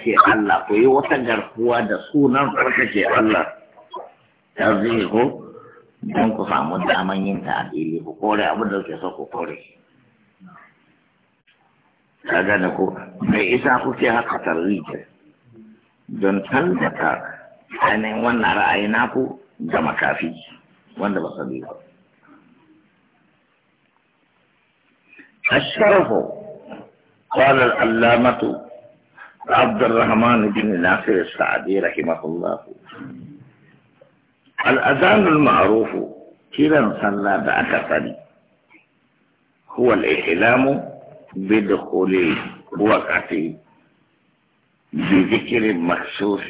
tsarkake Allah ku yi wata garkuwa da sunan tsarkake Allah ta zai ko don ku samu daman yin ta adili ku kore abin da kuke so ku kore ka gane ku? mai isa kuke haka tarrija don tallata ainihin wannan ra'ayi naku ga makafi wanda ba sabi ba الشرف قال العلامة عبد الرحمن بن ناصر السعدي رحمه الله الأذان المعروف كلا صلى بأكثر هو الإحلام بدخول الوقت بذكر مخصوص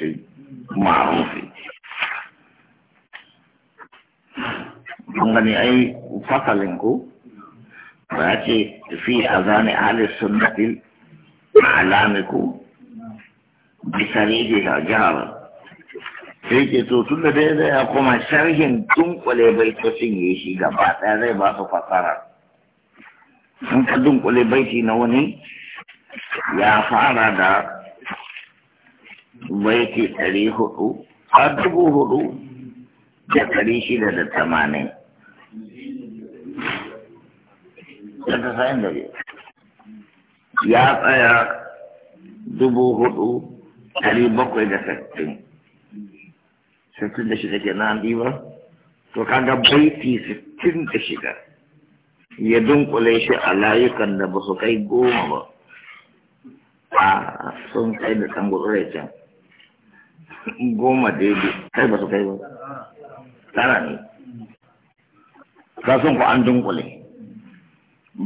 معروف gani أي فصل في أذان أهل السنة azani bisani da jihar sai ke to tun da dai zai kuma sharhin dunkule baitocin ya shi gaba ɗaya zai ba su fasara in ka dunkule baiti na wani ya fara da baiti ɗari hudu a dubu hudu da ɗari shida da tamanin ya tsaya dubu hudu dari bakwai da sittin sittin da shiga kenan an diwa to kaga baiti sittin da shida ya dunkule shi a layukan da ba su kai goma ba a sun kai da can gutsure can goma daidai kai ba su kai ba tara ne ka sun ku an dunkule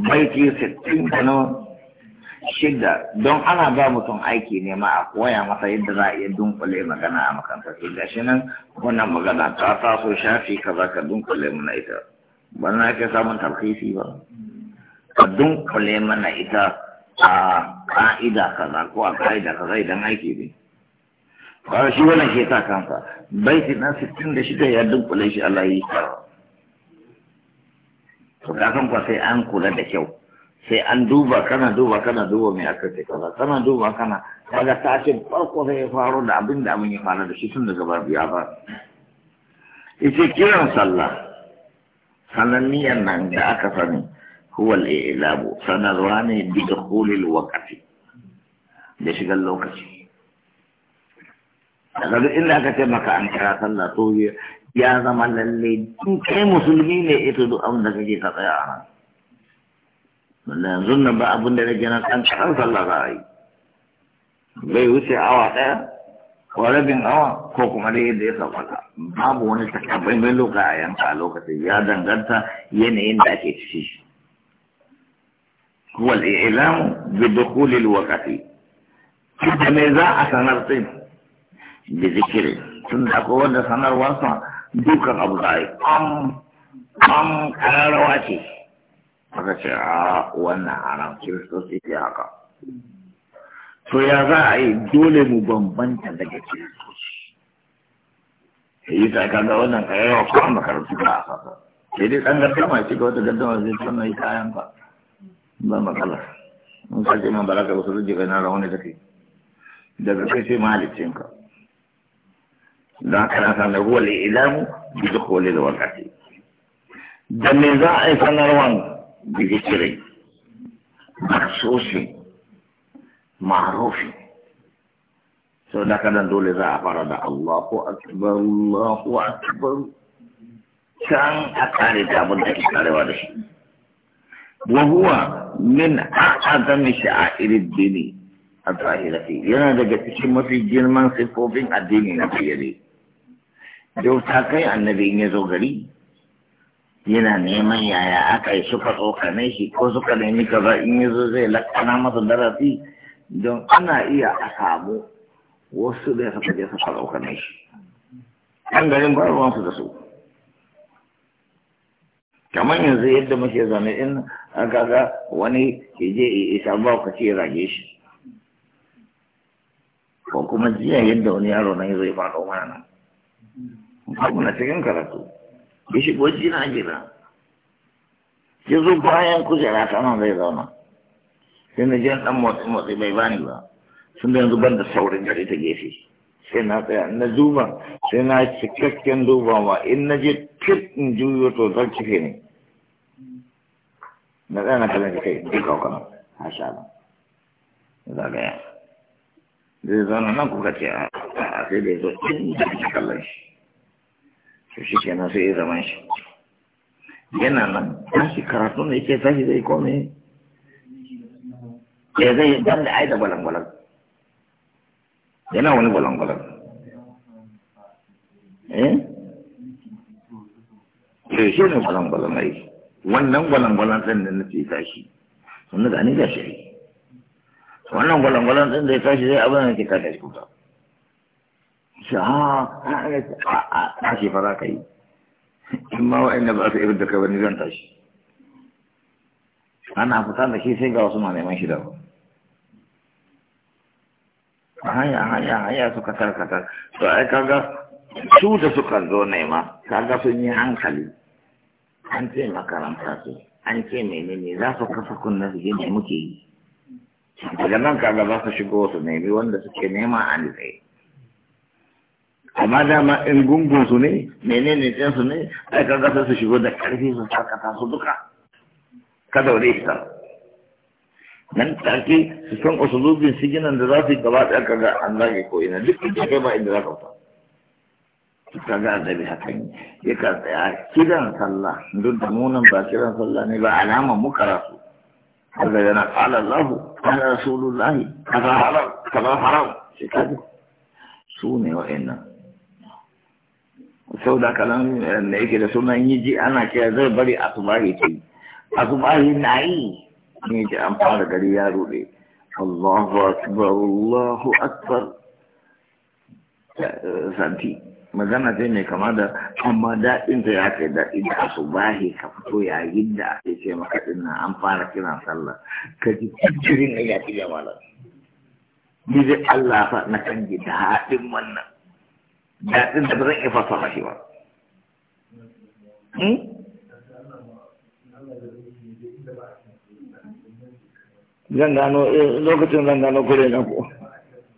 baiti sittin da nawa shidda don ana ba mutum aiki ne ma a koya masa yadda za a iya dunkule magana a makanta sai gashi nan wannan magana ta taso shafi kaza ka dunkule mana ita ba na ke samun tarkisi ba ka dunkule mana ita a ka'ida kaza ko a ka'ida kaza idan aiki ne ba shi wannan ke sa kansa baiti na sittin da shida ya dunkule shi Allah yi to ka san kwa sai an kula da kyau sai an duba kana duba kana duba mai aka ce kaza kana duba kana kaga ta ce farko sai ya faru da abin da abin ya fara da shi tun daga ba biya ba ita kiran sallah sananniyan nan da aka sani huwal ilabu sanarwa ne bi hulil waqti da shigar lokaci daga duk inda aka ce maka an kira sallah to ya zama lalle kai musulmi ne ita duk abin da kake ta tsaya a nan wanda yanzu nan ba abin da rage nan ɗan kaɗan sallah za a yi bai wuce awa ɗaya ko rabin awa ko kuma dai yadda ya sauƙaƙa babu wani mai loka a yanka a lokacin ya danganta yanayin da ake ciki wal ilamu bi dukhulil waqti da me za a sanar din bi zikiri tun da ko wanda sanarwarsa dukan abu da ai am am kararrawa ce aka ce a wannan haram kiristoci ke haka to ya za a yi dole mu bambanta daga kiristoci yi ta kaga wannan ka yawa kuma makarantu ba a fasa sai dai ɗan gaddama shi ga wata gaddama zai na yi kayan ba ba matsala in ka ce man ba za ka wasu rujje na rauni da kai daga kai sai mahaliccinka don haka na sanar ruwa ilamu bi duk wale da wakati da me za a yi sanarwan بذكر مخصوص معروف sau da dole za a fara da Allahu akbar Allahu akbar can a kare da abin da ke karewa da shi wa huwa min a'azami sha'airid dini a zahirati yana daga cikin mafi girman siffofin addini na fiye da yau ta kai annabi in ya zo gari yana neman yaya aka yi suka tsokane shi ko suka nemi kaza in ya zai lakana masa darasi don ana iya a samu wasu da suka je suka tsokane shi an garin ba ruwansu da su kamar yanzu yadda muke zane in aka ga wani ke je isa ba ka ce rage shi ko kuma jiya yadda wani yaro na yi zai faɗo mana nan babu na cikin karatu ya shigo na gida ya zo bayan kujera ta nan zai zauna sai na je dan motsi motsi bai bani ba sun da yanzu ban da saurin gari ta gefe sai na tsaya na duba sai na cikakken dubawa in na je tip in juyo to zan cike ne na tsaya na kallon da kai duk ha sha ba ya zai zauna nan kuka ce a sai da ya zo in da kallon shi to shi kenan sai ya zama shi yana nan shi karatu ne yake tashi zai kome ya eh, zai dan da aida gwalangwalar yana wani gwalangwalar eh to shi ne gwalangwalar mai wannan gwalangwalar zan da nake tashi Wannan da ni da shi wannan gwalangwalar zan da ya tashi zai abin da ke shi kuka shi a tashi fa za ka yi in ma wa'anda ba su irin da kai zan tashi ana fita da shi sai ga wasu ma neman shi da ba haya haya haya suka tarkata to ai kaga su da suka zo nema kaga sun yi hankali an ce makaranta su an ce menene za su kafa kunna su je muke yi daga nan kaga za su shigo su nemi wanda suke nema a tsaye amma dama in gungun su ne ne ɗin su ne ai kaga sai su shigo da karfi su sakata su duka ka daure ita nan take su san zubin siginan da za su yi gaba ɗaya ga an zage ko ina duk da kai ba inda za ka fita ka ga annabi hakan ya ka tsaya kiran sallah duk da munan ba kiran sallah ne ba alama mu karatu kaga yana kala lahu kala rasulullahi kaza haram kaza haram shi kaji su ne wa'annan sau da kalan eh, da yake da sunan yi ji ana kira zai bari asubahi ce asubahi na yi ne ke an fara gari ya rude Allahu akbar Allahu akbar eh, eh, santi magana ce mai kama da amma daɗin ta ya kai daɗi da asubahi ka fito yayin da ake ce maka din nan an fara kiran sallah ka ji cikin ya fi jama'a ni zai Allah fa na kan gida haɗin wannan daɗin da ba zan iya fassara shi ba hmm? zan gano eh, lokacin zan gano kure na ko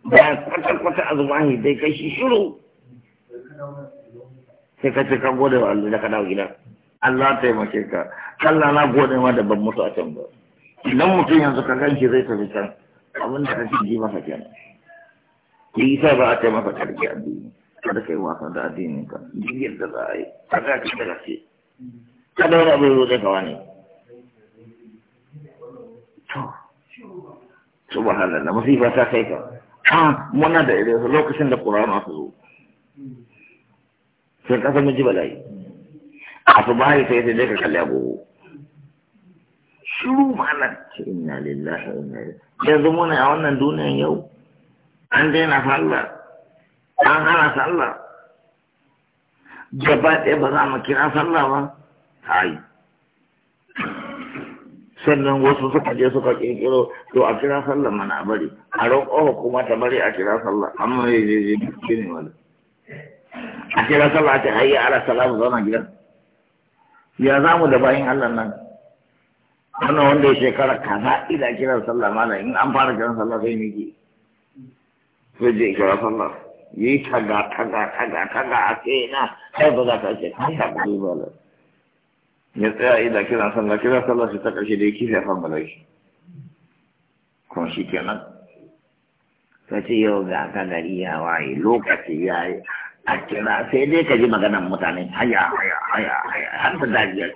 ba kwata-kwata a zumahi dai kai shi shiru sai ka ce ka gode wa Allah da ka dawo gida Allah taimake ka Allah na gode ma da ban mutu a can ba idan mutum yanzu ka shi zai tafi can abin da kake ji masa kenan yi sa ba a kai masa karfi a duniya kada kai wasa da addinin ka digir da za a yi kada ka da gaske kada wani abu yau zai kawa ne to subhanallah masifa ta kai ka a muna da irin lokacin da ƙura'an su zo sai kasa miji bala'i a su bayi sai sai dai ka kalli agogo shiru malam ce inna lillahi inna ilaihi yanzu muna a wannan duniyan yau an daina sallah an hana sallah gaba ɗaya ba za mu kira sallah ba ta yi sannan wasu suka je suka kirkiro to a kira sallah mana a bari a roƙo kuma ta bari a kira sallah amma ya je je dukke ne wani a kira sallah ta hayya ala salamu zauna gidan ya za mu da bayin allah nan wannan wanda ya shekara kaza ila kiran sallah mana in an fara kiran sallah sai miki sai je kira sallah yi taga taga taga taga a ce na kai ba za ka ce kai ka gudu ba la ya tsaya ina kira sallah kira sallah shi ta karshe da yake sai fama shi kuma shi kenan ta ce yau ga ka gari ya waye lokaci ya yi a kira sai dai ka ji maganan mutane haya haya haya haya har da dariya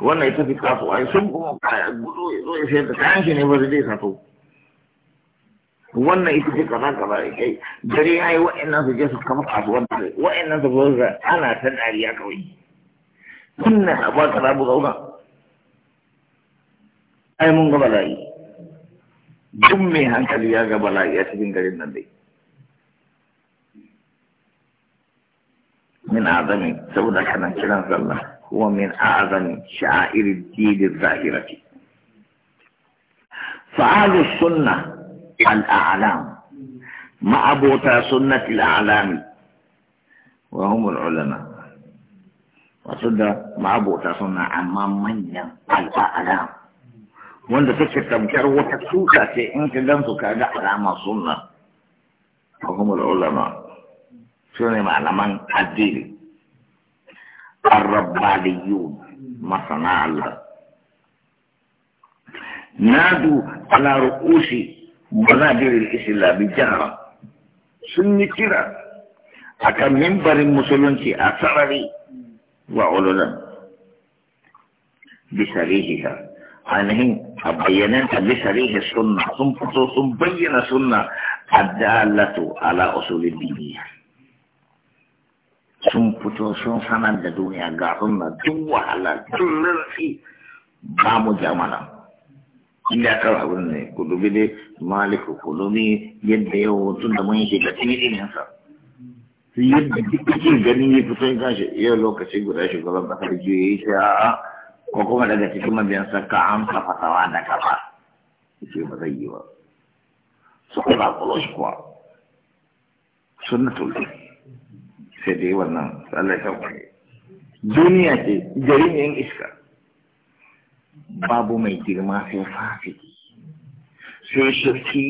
wannan ita fi kasuwa sun kuma gudu ya zo ya sayar da kayan shi ne ba zai sato وانا يتجيك قناة ايه؟ ايه؟ ايه؟ أي من قبلاي جمي هانك ليأكا بلاي يتجين قرين نبي من أعظم سبدا كنا كنا الله هو من أعظم شعائر الدين الظاهرة فعال السنة الأعلام مع أبوتا سنة الأعلام وهم العلماء وصد مع أبوتا سنة أمام من الأعلام وانت تكتب تمكر وتكسوكا سي انت دمتك هذا أعلام سنة وهم العلماء سنة معلمان الدين الربانيون ما صنع الله نادوا على رؤوس manabir al-islam sun yi kira aka mimbarin musulunci a sarari wa ululan bisarihiha ainihin a bayyanin ta bisarihi sunna sun fito sun bayyana sunna a dalatu ala usulin biniya sun fito sun sanar da duniya ga sunna duk wahala duk rarfi ba mu jama'a inda ya kar abin ne ku dubi ne maliku ku dubi yadda yau tun da mun da cikin sa su yadda cikin ganin ya fito ya kashi iya lokaci guda shugaban kai juya yi ce a'a ko kuma daga cikin mabiyansa ka amsa fatawa da kafa ce ba zai yi ba su ba kulo shi kuwa sunnatul sai dai wannan Allah ya duniya ce jari ne iska babu mai girma sai fasiki sai shirki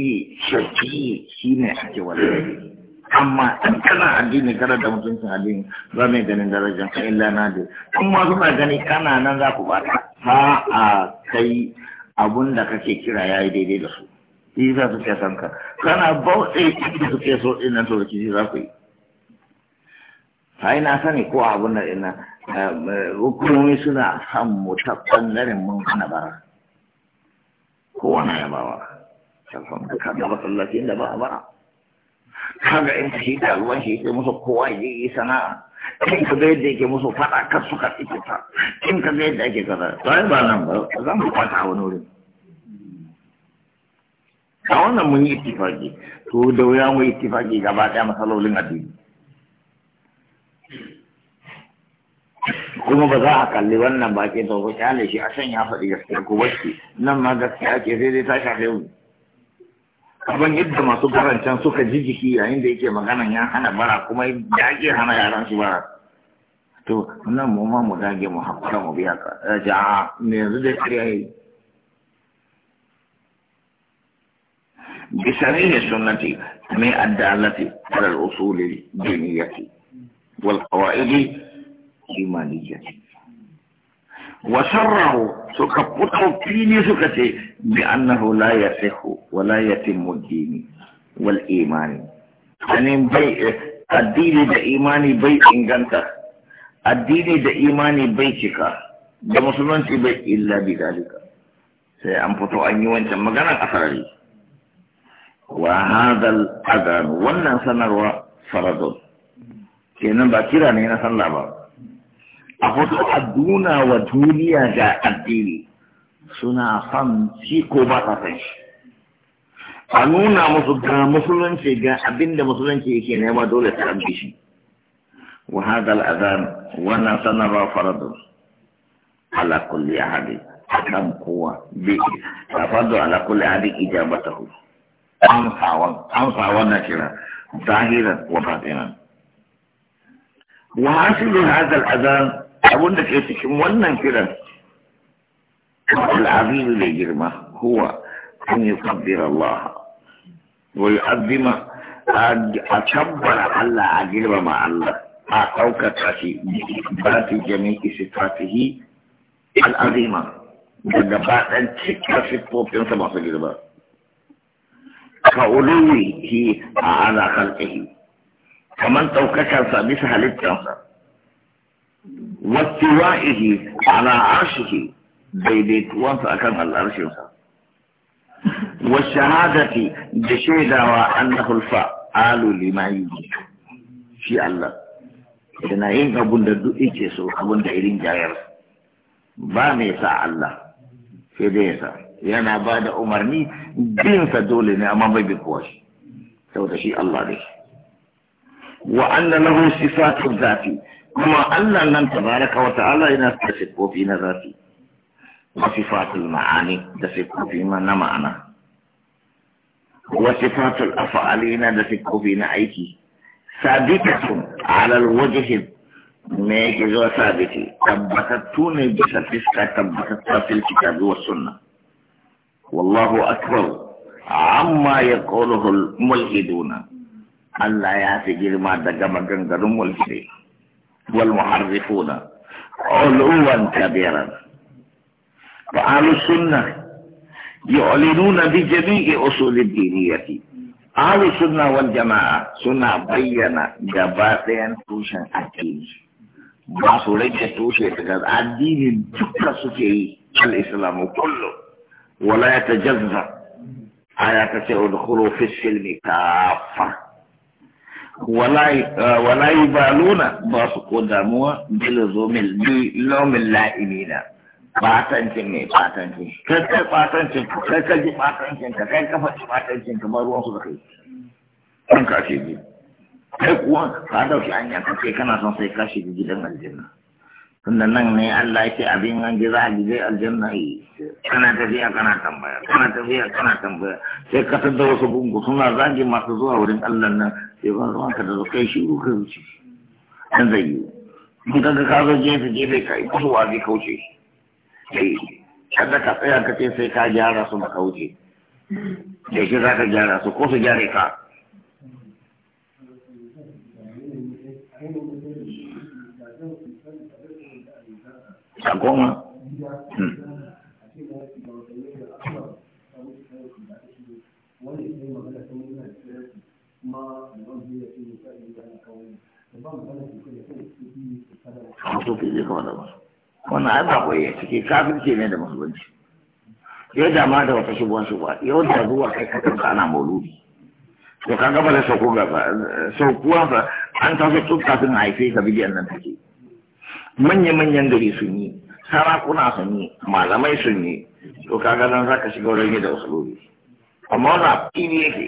shirki shi ne ake wallahi amma in kana addini kana da mutuncin addini za mu ganin darajar ka illa na da in ma suna gani kana nan za ku bata ba a kai abun da kake kira yayi daidai da su shi za su ce sanka kana bauɗe da suke so ɗin nan to da za ku yi ai na sani ko abun nan ina eh, hukumomi suna san mu ta bangaren mun hana bara kowa na yabawa ka ga masallacin da ba a bara kaga in shi da ruwan shi yake musu kowa ya yi sana'a in ka ga yadda yake musu fada kar suka tsike ta in ka ga yadda ake kaza to ai ba nan ba za mu kwata a wani wurin a wannan mun yi ittifaki to da wuya mu yi ittifaki gaba daya matsalolin addini kuma ba za a kalli wannan ba ke to ku kyale shi a san ya faɗi gaskiya ku bacci nan ma gaskiya ke sai dai ta shafe mu kaman yadda masu karancan suka ji jiki yayin da yake maganan ya hana bara kuma ya ke hana yaran su bara to nan mu ma mu dage mu hakura mu biya ka ja me yanzu da kariya yi ne بسمين السنة من الدالة على الأصول الدينية والقواعد إيمانية وسره سكبته فيني سكتي بأنه لا يصح ولا يتم الدين والإيمان يعني بي الدين ده إيماني بي إنغانتا الدين ده إيماني بي شكا ده مسلمانتي بي إلا بذلك سيأنفتو أن يوانتا مغانا أفرالي وهذا الأذان وانا سنروا فرض كينا باكرا أن سنلعبا a hudu aduna wa duniya ga addini suna son shi ko ba sa san shi a nuna musu ga musulunci ga abinda musulunci yake nema dole su rabbi shi wa hadal azan wannan sanarwa faradun ala kulli ahadi akan kowa bi faradu ala kulli ahadi ijabatahu an sawan an sawan na kira zahiran wa batinan wa hasilu hadal azan abun da ke cikin wannan kiran al'azizu da girma huwa an yi sabbir Allah wa yu'azzima a tabbara Allah a girmama Allah a ɗaukaka shi ba ta jami'i sifatihi al'azima daga baɗan cika siffofinsa masu girma ka uluwi a ala kalƙihi kamar ɗaukakarsa bisa halittarsa wattiwa'ihi ala arshihi daidaituwansa a kan al'arshinsa washahadati da shaidawa annahu alfa alu limayi shi Allah yana yin abun da duk yake so abun da irin jayar ba mai sa Allah sai dai yasa yana ba da umarni bin sa dole ne amma bai bi kowa shi da shi Allah dai wa anna lahu sifatu dhati kuma Allah nan tabaraka wa ta'ala yana da sifofi na zafi wa sifatul ma'ani da sifofi na ma'ana wa sifatul af'ali na da sifofi na aiki sabitatun ala alwajhi me yake zuwa sabiti tabbatattu ne bisa fiska tabbatatta fil kitabi wa sunna wallahu akbar amma yaquluhu mulhiduna Allah ya fi girma daga maganganun mulhidai والمحرفون علوا كبيرا فأهل السنة يعلنون بجميع أصول الدينية أهل السنة والجماعة سنة بيّن جباتين توشا أكيد باسولين توشا تقد الدين جكرا سكي الإسلام كله ولا يتجزا آيات سيدخلوا في السلم كافة Walayi ba eh, baluna ba su ko damuwa bil zomil lomin la'ilina fatancin mai fatancin kai kai fatancin kai kai ji fatancin ka kai kafa ji fatancin ka bar ruwan su da kai an ka ce ji kai kuwa ka dauki an yanka kai kana son sai ka shiga gidan aljanna tunda nan ne Allah yake abin an ji za a ji aljanna yi kana tafiya kana tambaya kana tafiya kana tambaya sai ka tada wasu gungu suna zagi masu zuwa wurin Allah nan sai ba ruwan ka da ka wuce zai yi ka ga ka zo gefe gefe ka yi kusurwa zai kauce kada ka tsaya ka ce sai ka gyara su za ka gyara su ko su ka goma hmm. to ke je kama da wasu. wannan ai ba koyi kafin kafirce ne da musulunci Ya dama da wata shubuwan shubuwa yau da zuwa kai ka ka ana mauludi to kan gaba da sauko gaba saukuwa fa an taso tun kafin haife ka bidiyan nan take manya-manyan gari sun yi sarakuna sun yi malamai sun yi to kaga nan za ka shiga wurin da usulobi amma wani a fili yake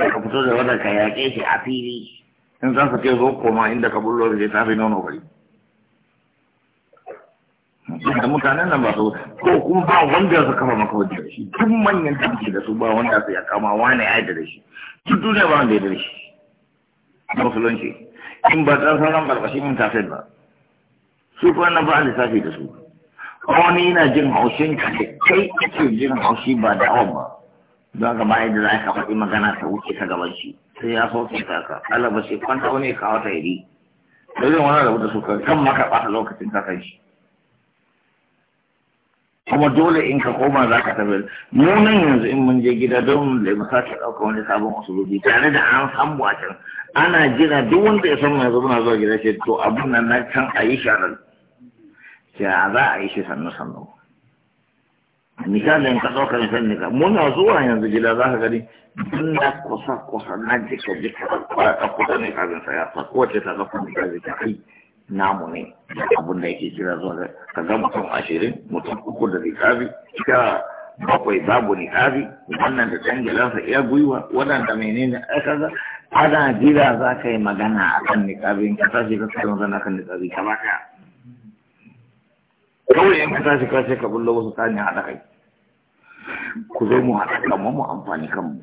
da ka fito da wadda ka yaƙe shi a fili in san sake zo koma inda ka bullo da tafi nono bari da mutanen nan ba su ko kuma ba wanda su kafa maka wajen da shi duk manyan tafi da su ba wanda su ya kama wani ya da shi duk duniya ba wanda ya da shi musulunci in ba ta sauran barbashi mun tafiyar ba su kuma na ba a lissafi da su wani yana jin haushin ka da kai ake jin haushi ba da awon ba don ka bayan da za ka faɗi magana ta wuce ta gaban shi sai ya sauke ta ka Allah ba sai kwanta wani kawo wata iri da zai wani rabu da su ka kan maka ba lokacin ka kan kuma dole in ka koma za ka tafi munan nan yanzu in mun je gida don da mu sake ɗauka wani sabon usulobi tare da an san ana jira duk wanda ya san yanzu muna zuwa gida ce to abin nan na can a yi sharar ya za a yi shi sannu sannu misalin ka ɗauka misalin ka muna zuwa yanzu gida za ka gani tun kusa kusa na jika jika ba ta kusa ne kafin sa ya sa kowace ta ɗauka misali ta kai namu ne abin da yake kira zuwa ga ka ga mutum ashirin mutum uku da rikabi ka bakwai babu niƙabi wannan da dangilansa iya gwiwa waɗanda menene a kaza ana gida za ka yi magana a kan niƙabin ka tashi ka kai magana kan niƙabi ka baka kawai in ka tashi ka ce ka bullo wasu tani haɗa kai ku zo mu haɗa kanmu mu amfani kanmu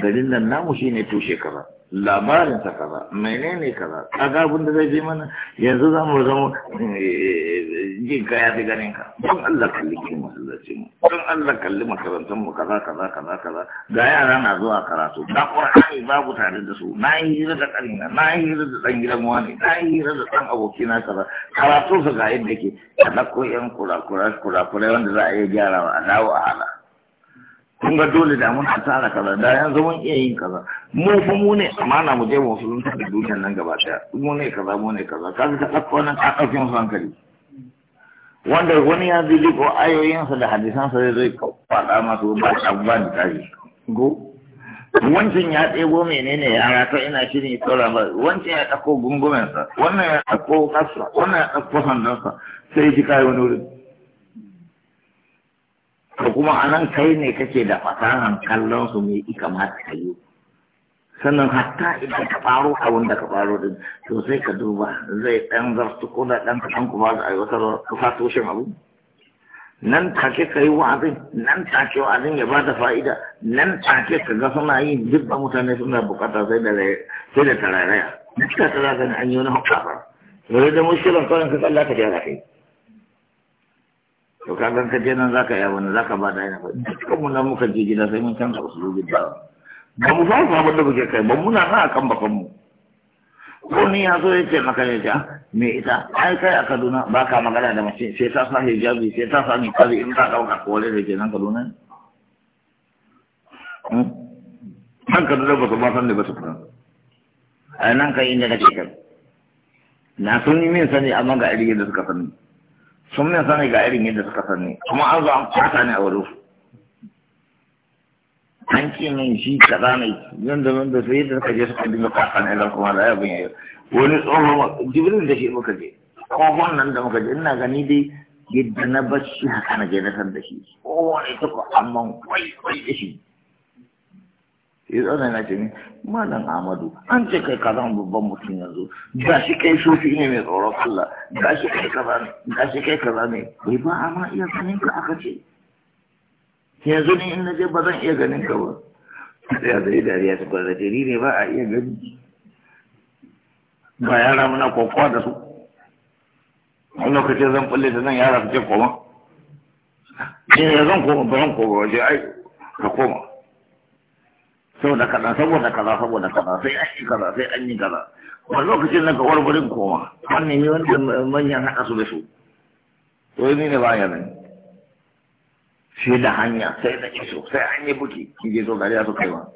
garin nan namu shi ne tushe kaza labarin ta kaza menene kaza kaga abin da zai je mana yanzu za mu zama eh, jin ka ya fi ganin ka don Allah kalli ki masallaci mu don Allah kalli makarantar mu kaza kaza kaza kaza ga yara na zuwa karatu da Qur'ani babu tare da su na yi hira da karina na yi hira da dan gidan wani na yi hira da dan aboki na kaza karatu su ga yadda yake ka koyan yan kula kula kula wanda za a yi gyarawa a dawo a hala kun ga dole da mun tsara kaza da yanzu mun iya yin kaza mu fa mu ne amana mu je musulunta da dukan nan gaba daya mu ne kaza mu ne kaza ka ka ɗauko nan ka ɗauke musu hankali wanda wani ya zili ko ayoyinsa da hadisansa zai zai faɗa masu ba abubuwa da tari go wancan ya ɗebo menene ya rata ina shirin ya tsora ba wancan ya ɗauko gungumensa wannan ya ɗauko kasa wannan ya ɗauko sandansa sai ya ji kayi wani wuri. to kuma anan kai ne kake da fasahan kallon su mai ika kamata ka yi sannan hatta idan ka faro abin da ka faro din to sai ka duba zai dan zartu ko da dan kaɗan kuma za a yi wata fasoshin abu nan take ka yi wa'azin nan take wa'azin ya ba da fa'ida nan take ka ga suna yi duk mutane suna bukata sai da sai da tararaya duk da tararaya an yi wani hukka ba da mushkilan kawai ka tsalla ka gyara kai to ga ka je nan zaka yi wani zaka ba da yana dukkan mu nan muka je gida sai mun canza wasu zuwa ba mu fara kuma da muke kai ba muna na akan bakan mu ko ni ya zo yake maka ne ja ah, me ita ai kai a Kaduna ba ka magana da mace sai ta sa hijabi sai ta sa ni kare in ka dauka kore da ke nan Kaduna hmm? an Kaduna ba su ba san da ba su fara a nan kai inda kake kai na sun yi min sani amma ga irin da suka sani sun min sani ga irin yadda suka sani kuma an zo an kwata ne a wuri su an ce min shi kaza ne nan da nan da sai yadda suka je suka dinga kwata ne zan kuma da ya bin yayi wani tsohon jibril da shi muka je kofon nan da muka je ina gani dai yadda na bar shi haka na je na san da shi kowane tuka amma wai wai da shi ya zauna na jini, malam amadu an ce kai zama babban mutum yanzu ga shi kai sufi ne mai tsoron Allah ga shi kai kaza ne ga shi kai kaza ne bai ba amma iya ganin ka aka ce yanzu ni in naje ba zan iya ganin ka ba ya zai dariya su ba zai ni ne ba a iya gani ba yara muna kokowa da su wani lokacin zan falle da zan yara su ce koma ne zan koma ba zan koma waje ai ka koma saboda kaza saboda kaza saboda kaza sai an yi kaza sai an yi kaza wani lokacin na kawar gurin koma an nemi wanda manyan haɗa su da su to yi ne baya nan sai da hanya sai da iso sai an yi buki ki je zo gari su kai ba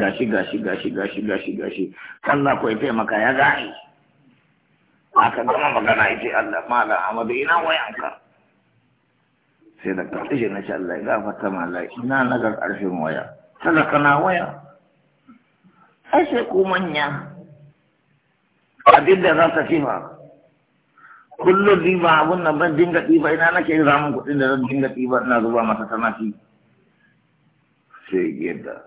gashi gashi gashi gashi gashi gashi Allah koyi fai taimaka ya a aka gama magana ya ce Allah da amadu ina wayanka sai na ƙarfi na shi Allah ya gafarta malai ina na ga ƙarfin waya talaka na waya ai sai ku manya abin da za ta kifa kullum riba abun nan ban dinga ɗiba ina nake yin ramin kuɗin da zan dinga ɗiba ina zuba masa sana fi sai yadda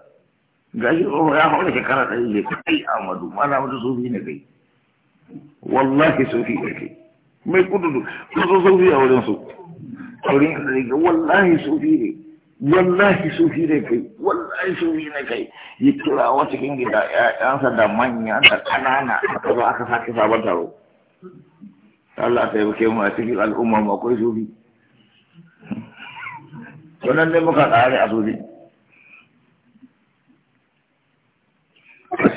gashi ko ya da shekara ɗari ne kai amadu mana wata sufi ne kai wallahi sufi ne kai mai kududu kusa sufi a wajen su kurin sufi ne kai sufi ne kai cikin gida da manya da ƙanana aka zo aka sake sabon taro yi mu a al'umma sufi wannan ne muka tsare a sufi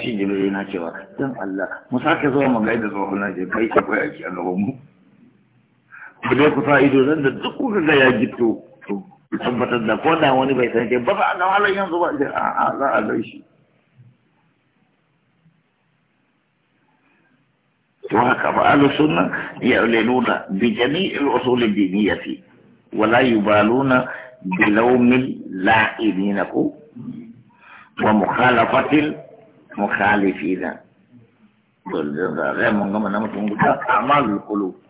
yana cewa, "Don Allah, mu sake zuwa mu gaida tsohon na jirgin kai akwai aiki a gaban mu." ba dai ku fa'ido nan da duk kuka ya gito tabbatar da ko wani bai san ke ba ba an gama halayen yanzu ba a a za a ga shi wa ka ba alu ya ulaluna bi jami'il usul diniyati wa la yubaluna bi lawmil la'ibina ku wa mukhalafatil mukhalifina dole da ga mun gama na mutum guda amal qulub